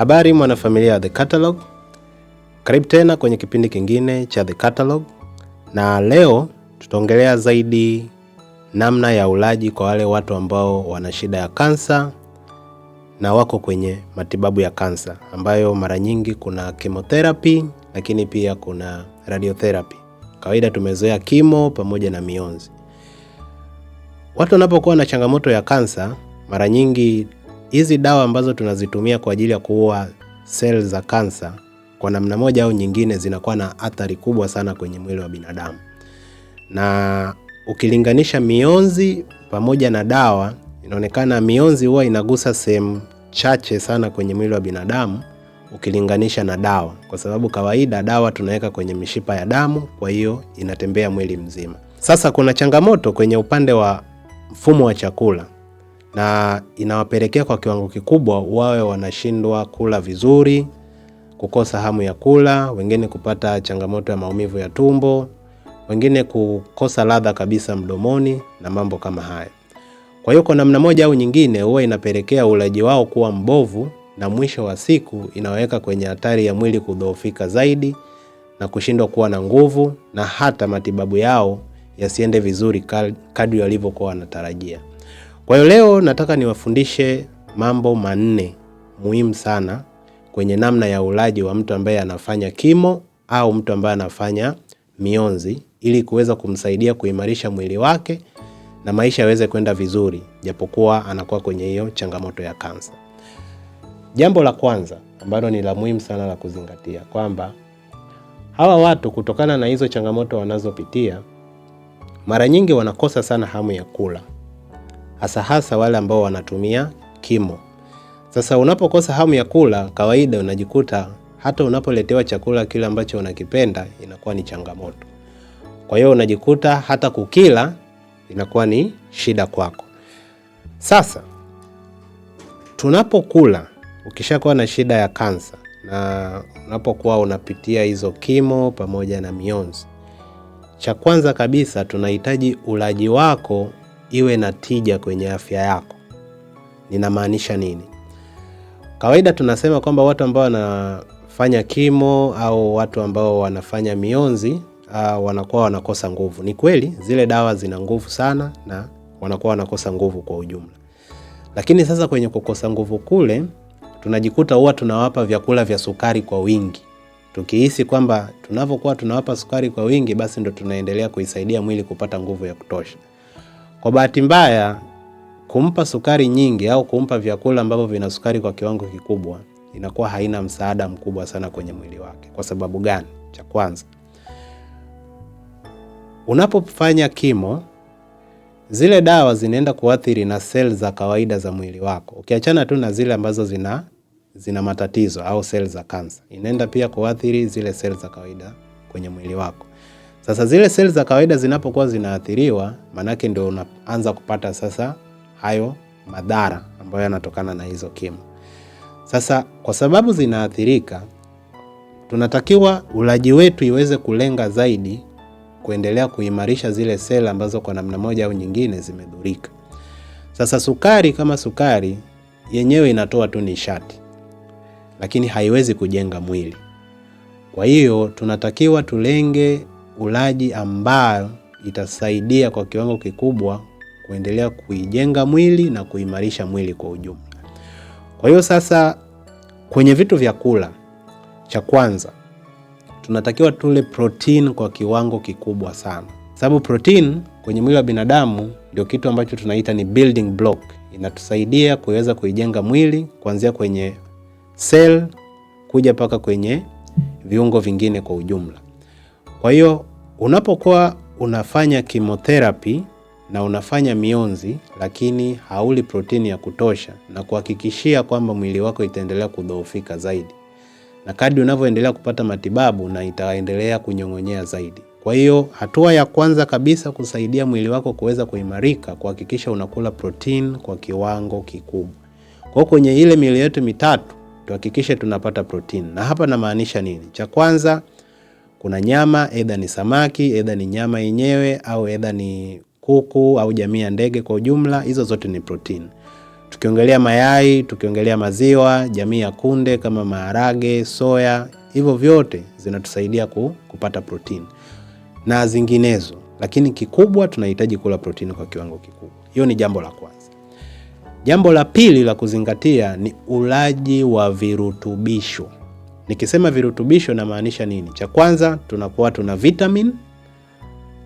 Habari mwanafamilia ya The Catalog, karibu tena kwenye kipindi kingine cha The Catalog, na leo tutaongelea zaidi namna ya ulaji kwa wale watu ambao wana shida ya kansa na wako kwenye matibabu ya kansa, ambayo mara nyingi kuna chemotherapy, lakini pia kuna radiotherapy. Kawaida tumezoea kimo pamoja na mionzi. Watu wanapokuwa na changamoto ya kansa, mara nyingi hizi dawa ambazo tunazitumia kwa ajili ya kuua sel za kansa kwa namna moja au nyingine zinakuwa na athari kubwa sana kwenye mwili wa binadamu, na ukilinganisha mionzi pamoja na dawa, inaonekana mionzi huwa inagusa sehemu chache sana kwenye mwili wa binadamu ukilinganisha na dawa, kwa sababu kawaida dawa tunaweka kwenye mishipa ya damu, kwa hiyo inatembea mwili mzima. Sasa kuna changamoto kwenye upande wa mfumo wa chakula na inawapelekea kwa kiwango kikubwa wawe wanashindwa kula vizuri, kukosa hamu ya kula, wengine kupata changamoto ya maumivu ya tumbo, wengine kukosa ladha kabisa mdomoni na mambo kama haya Kwa hiyo kwa namna moja au nyingine, huwa inapelekea ulaji wao kuwa mbovu na mwisho wa siku inaweka kwenye hatari ya mwili kudhoofika zaidi na kushindwa kuwa na nguvu na hata matibabu yao yasiende vizuri kadri walivyokuwa wanatarajia. Kwa hiyo leo nataka niwafundishe mambo manne muhimu sana kwenye namna ya ulaji wa mtu ambaye anafanya kimo au mtu ambaye anafanya mionzi ili kuweza kumsaidia kuimarisha mwili wake na maisha yaweze kwenda vizuri, japokuwa anakuwa kwenye hiyo changamoto ya kansa. Jambo la kwanza ambalo ni la muhimu sana la kuzingatia kwamba hawa watu kutokana na hizo changamoto wanazopitia, mara nyingi wanakosa sana hamu ya kula hasa hasa wale ambao wanatumia kimo. Sasa unapokosa hamu ya kula, kawaida unajikuta hata unapoletewa chakula kile ambacho unakipenda inakuwa ni changamoto. Kwa hiyo unajikuta hata kukila inakuwa ni shida kwako. Sasa tunapokula, ukishakuwa na shida ya kansa na unapokuwa unapitia hizo kimo pamoja na mionzi, cha kwanza kabisa tunahitaji ulaji wako iwe na tija kwenye afya yako. Ninamaanisha nini? Kawaida tunasema kwamba watu ambao wanafanya kimo au watu ambao wanafanya mionzi uh, wanakuwa wanakosa nguvu. Ni kweli zile dawa zina nguvu sana na wanakuwa wanakosa nguvu kwa ujumla, lakini sasa kwenye kukosa nguvu kule tunajikuta huwa tunawapa vyakula vya sukari kwa wingi, tukihisi kwamba tunavyokuwa tunawapa sukari kwa wingi, basi ndo tunaendelea kuisaidia mwili kupata nguvu ya kutosha. Kwa bahati mbaya, kumpa sukari nyingi au kumpa vyakula ambavyo vina sukari kwa kiwango kikubwa inakuwa haina msaada mkubwa sana kwenye mwili wake. Kwa sababu gani? Cha kwanza, unapofanya kimo, zile dawa zinaenda kuathiri na seli za kawaida za mwili wako, ukiachana tu na zile ambazo zina zina matatizo au seli za kansa, inaenda pia kuathiri zile seli za kawaida kwenye mwili wako. Sasa zile seli za kawaida zinapokuwa zinaathiriwa, manake ndio unaanza kupata sasa hayo madhara ambayo yanatokana na hizo kimo. Sasa kwa sababu zinaathirika, tunatakiwa ulaji wetu iweze kulenga zaidi kuendelea kuimarisha zile seli ambazo kwa namna moja au nyingine zimedhurika. Sasa sukari kama sukari yenyewe inatoa tu nishati, lakini haiwezi kujenga mwili. Kwa hiyo tunatakiwa tulenge ulaji ambayo itasaidia kwa kiwango kikubwa kuendelea kuijenga mwili na kuimarisha mwili kwa ujumla. Kwa hiyo sasa, kwenye vitu vya kula, cha kwanza tunatakiwa tule protein kwa kiwango kikubwa sana, sababu protein kwenye mwili wa binadamu ndio kitu ambacho tunaita ni building block, inatusaidia kuweza kuijenga mwili kuanzia kwenye cell kuja mpaka kwenye viungo vingine kwa ujumla. Kwa hiyo Unapokuwa unafanya kimotherapi na unafanya mionzi lakini hauli protini ya kutosha, na kuhakikishia kwamba mwili wako itaendelea kudhoofika zaidi, na kadri unavyoendelea kupata matibabu na itaendelea kunyong'onyea zaidi. Kwa hiyo hatua ya kwanza kabisa kusaidia mwili wako kuweza kuimarika, kuhakikisha unakula protein kwa kiwango kikubwa. Kwa kwenye ile mili yetu mitatu tuhakikishe tunapata protein. Na hapa namaanisha nini? Cha kwanza kuna nyama, edha ni samaki, edha ni nyama yenyewe, au edha ni kuku au jamii ya ndege kwa ujumla. Hizo zote ni protein. Tukiongelea mayai, tukiongelea maziwa, jamii ya kunde kama maharage, soya, hivyo vyote zinatusaidia ku, kupata protein na zinginezo, lakini kikubwa tunahitaji kula protini kwa kiwango kikubwa. Hiyo ni jambo la kwanza. Jambo la pili la kuzingatia ni ulaji wa virutubisho. Nikisema virutubisho namaanisha nini? Cha kwanza tunakuwa tuna vitamin,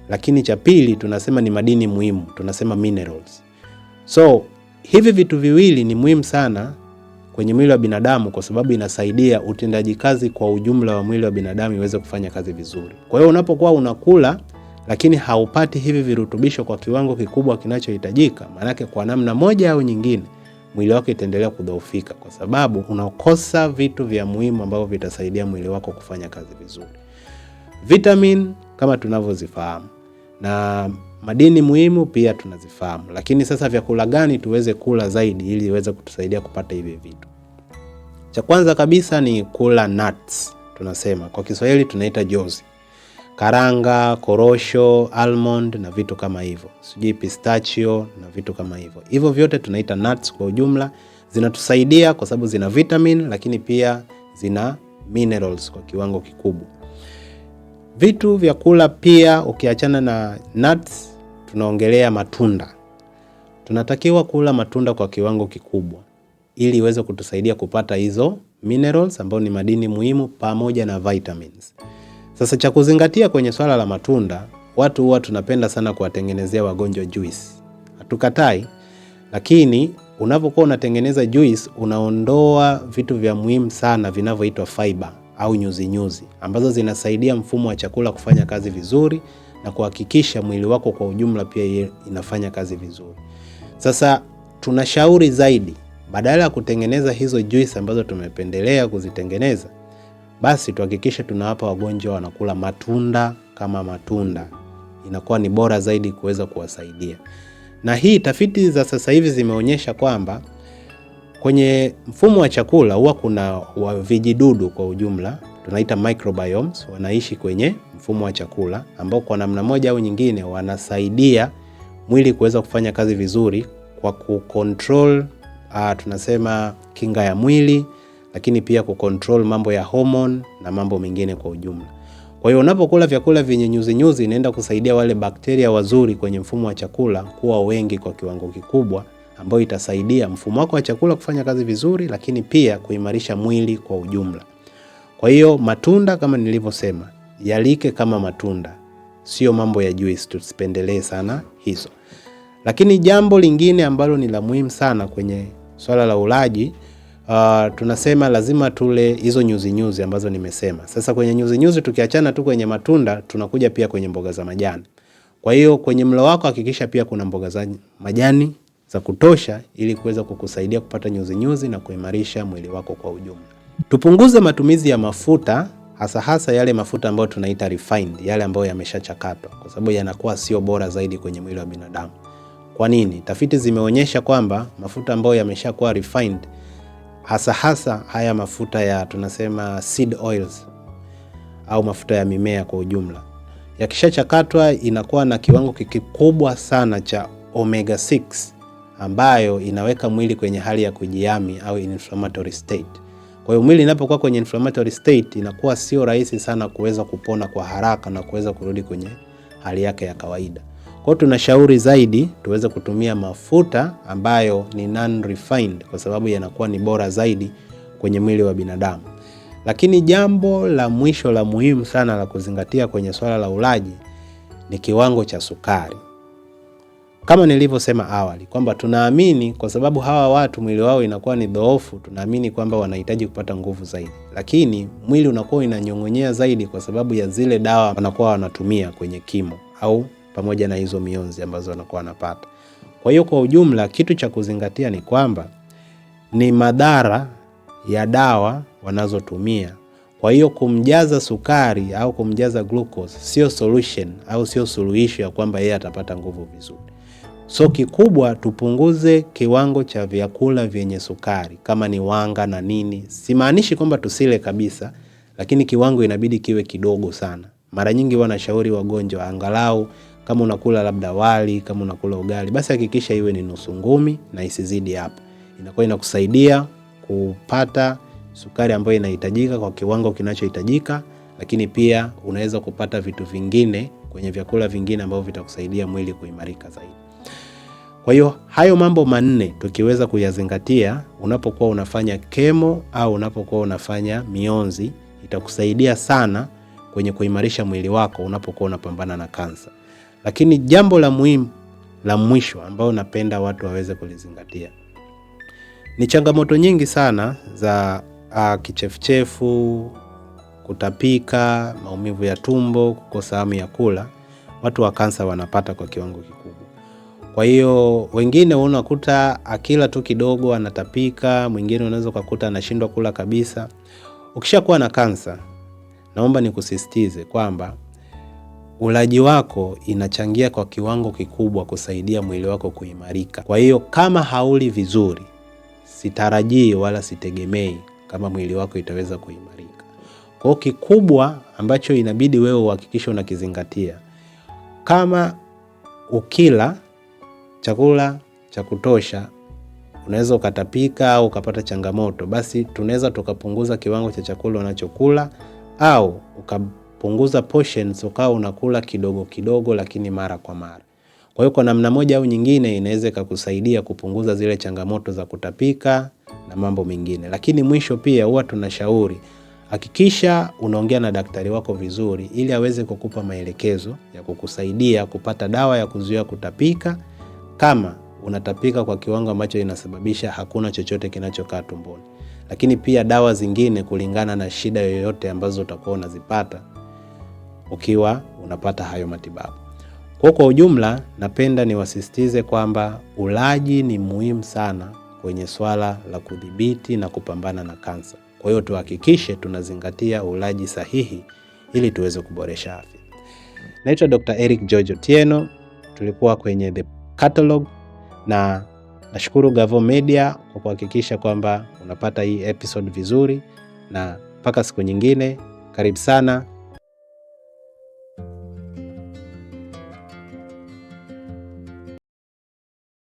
lakini cha pili tunasema ni madini muhimu, tunasema minerals. So hivi vitu viwili ni muhimu sana kwenye mwili wa binadamu kwa sababu inasaidia utendaji kazi kwa ujumla wa mwili wa binadamu iweze kufanya kazi vizuri. Kwa hiyo unapokuwa unakula lakini haupati hivi virutubisho kwa kiwango kikubwa kinachohitajika, maanake kwa namna moja au nyingine mwili wako itaendelea kudhoofika, kwa sababu unakosa vitu vya muhimu ambavyo vitasaidia mwili wako kufanya kazi vizuri. Vitamin kama tunavyozifahamu na madini muhimu pia tunazifahamu, lakini sasa vyakula gani tuweze kula zaidi ili iweze kutusaidia kupata hivi vitu? Cha kwanza kabisa ni kula nuts, tunasema kwa Kiswahili tunaita jozi karanga, korosho, almond na vitu kama hivyo, sijui pistachio na vitu kama hivyo. Hivyo vyote tunaita nuts kwa ujumla, zinatusaidia kwa sababu zina vitamin, lakini pia zina minerals kwa kiwango kikubwa. Vitu vya kula pia, ukiachana na nuts, tunaongelea matunda. Tunatakiwa kula matunda kwa kiwango kikubwa ili iweze kutusaidia kupata hizo minerals ambayo ni madini muhimu pamoja na vitamins. Sasa cha kuzingatia kwenye swala la matunda, watu huwa tunapenda sana kuwatengenezea wagonjwa juice. Hatukatai, lakini unapokuwa unatengeneza juice unaondoa vitu vya muhimu sana vinavyoitwa fiber au nyuzinyuzi -nyuzi, ambazo zinasaidia mfumo wa chakula kufanya kazi vizuri na kuhakikisha mwili wako kwa ujumla pia inafanya kazi vizuri. Sasa tunashauri zaidi badala ya kutengeneza hizo juice ambazo tumependelea kuzitengeneza basi tuhakikishe tunawapa wagonjwa wanakula matunda kama matunda, inakuwa ni bora zaidi kuweza kuwasaidia. Na hii tafiti za sasa hivi zimeonyesha kwamba kwenye mfumo wa chakula huwa kuna vijidudu kwa ujumla tunaita microbiomes, wanaishi kwenye mfumo wa chakula ambao kwa namna moja au nyingine wanasaidia mwili kuweza kufanya kazi vizuri kwa kucontrol, uh, tunasema kinga ya mwili lakini pia kucontrol mambo ya hormone na mambo mengine kwa ujumla. Kwa hiyo unapokula vyakula vyenye nyuzi nyuzi, inaenda kusaidia wale bakteria wazuri kwenye mfumo wa chakula kuwa wengi kwa kiwango kikubwa, ambayo itasaidia mfumo wako wa chakula kufanya kazi vizuri, lakini pia kuimarisha mwili kwa ujumla. Kwa hiyo matunda kama nilivyosema, yalike kama matunda, sio mambo ya juice, tusipendelee sana hizo. Lakini jambo lingine ambalo ni la muhimu sana kwenye swala la ulaji uh, tunasema lazima tule hizo nyuzi nyuzi ambazo nimesema. Sasa kwenye nyuzi nyuzi tukiachana tu kwenye matunda, tunakuja pia kwenye mboga za majani. Kwa hiyo kwenye mlo wako hakikisha pia kuna mboga za majani za kutosha ili kuweza kukusaidia kupata nyuzi nyuzi na kuimarisha mwili wako kwa ujumla. Tupunguze matumizi ya mafuta hasa hasa yale mafuta ambayo tunaita refined, yale ambayo yameshachakatwa kwa sababu yanakuwa sio bora zaidi kwenye mwili wa binadamu. Kwa nini? Tafiti zimeonyesha kwamba mafuta ambayo yameshakuwa refined hasa hasa haya mafuta ya tunasema seed oils au mafuta ya mimea kwa ujumla. Yakishachakatwa inakuwa na kiwango kikubwa sana cha omega 6 ambayo inaweka mwili kwenye hali ya kujiami au inflammatory state. Kwa hiyo mwili inapokuwa kwenye inflammatory state inakuwa sio rahisi sana kuweza kupona kwa haraka na kuweza kurudi kwenye hali yake ya kawaida. Kwa tunashauri zaidi tuweze kutumia mafuta ambayo ni non refined, kwa sababu yanakuwa ni bora zaidi kwenye mwili wa binadamu. Lakini jambo la mwisho la muhimu sana la kuzingatia kwenye swala la ulaji ni kiwango cha sukari. Kama nilivyosema awali kwamba tunaamini kwa sababu hawa watu mwili wao inakuwa ni dhoofu, tunaamini kwamba wanahitaji kupata nguvu zaidi, lakini mwili unakuwa inanyong'onyea zaidi kwa sababu ya zile dawa wanakuwa wanatumia kwenye kimo au pamoja na hizo mionzi ambazo wanakuwa wanapata. Kwa hiyo kwa ujumla, kitu cha kuzingatia ni kwamba ni madhara ya dawa wanazotumia. Kwa hiyo kumjaza sukari au kumjaza glucose sio solution au sio suluhisho ya kwamba yeye atapata nguvu vizuri. So kikubwa tupunguze kiwango cha vyakula vyenye sukari kama ni wanga na nini. Simaanishi kwamba tusile kabisa, lakini kiwango inabidi kiwe kidogo sana. Mara nyingi wanashauri wagonjwa angalau kama unakula labda wali, kama unakula ugali, basi hakikisha iwe ni nusu ngumi na isizidi hapo. Inakuwa inakusaidia kupata sukari ambayo inahitajika kwa kiwango kinachohitajika, lakini pia unaweza kupata vitu vingine kwenye vyakula vingine ambavyo vitakusaidia mwili kuimarika zaidi. Kwa hiyo hayo mambo manne tukiweza kuyazingatia unapokuwa unafanya kemo au unapokuwa unafanya mionzi, itakusaidia sana kwenye kuimarisha mwili wako unapokuwa unapambana na kansa. Lakini jambo la muhimu la mwisho ambao napenda watu waweze kulizingatia ni changamoto nyingi sana za uh, kichefuchefu, kutapika, maumivu ya tumbo, kukosa hamu ya kula, watu wa kansa wanapata kwa kiwango kikubwa. Kwa hiyo wengine unakuta akila tu kidogo anatapika, mwingine unaweza ukakuta anashindwa kula kabisa. Ukishakuwa na kansa, naomba nikusisitize kwamba ulaji wako inachangia kwa kiwango kikubwa kusaidia mwili wako kuimarika. Kwa hiyo kama hauli vizuri, sitarajii wala sitegemei kama mwili wako itaweza kuimarika. Kwa hiyo kikubwa ambacho inabidi wewe uhakikishe unakizingatia, kama ukila chakula cha kutosha unaweza ukatapika au ukapata changamoto, basi tunaweza tukapunguza kiwango cha chakula unachokula au punguza portions, ukawa unakula kidogo kidogo, lakini mara kwa mara. Kwa hiyo kwa namna moja au nyingine inaweza ikakusaidia kupunguza zile changamoto za kutapika na mambo mengine. Lakini mwisho pia huwa tunashauri hakikisha unaongea na daktari wako vizuri, ili aweze kukupa maelekezo ya kukusaidia kupata dawa ya kuzuia kutapika kama unatapika kwa kiwango ambacho inasababisha hakuna chochote kinachokaa tumboni, lakini pia dawa zingine kulingana na shida yoyote ambazo utakuwa unazipata ukiwa unapata hayo matibabu. Kwa kwa ujumla, napenda niwasisitize kwamba ulaji ni muhimu sana kwenye swala la kudhibiti na kupambana na kansa. Kwa hiyo tuhakikishe tunazingatia ulaji sahihi ili tuweze kuboresha afya. Naitwa Dr. Eric George Otieno, tulikuwa kwenye The Catalog na nashukuru Gavo Media kwa kuhakikisha kwamba unapata hii episode vizuri, na mpaka siku nyingine, karibu sana.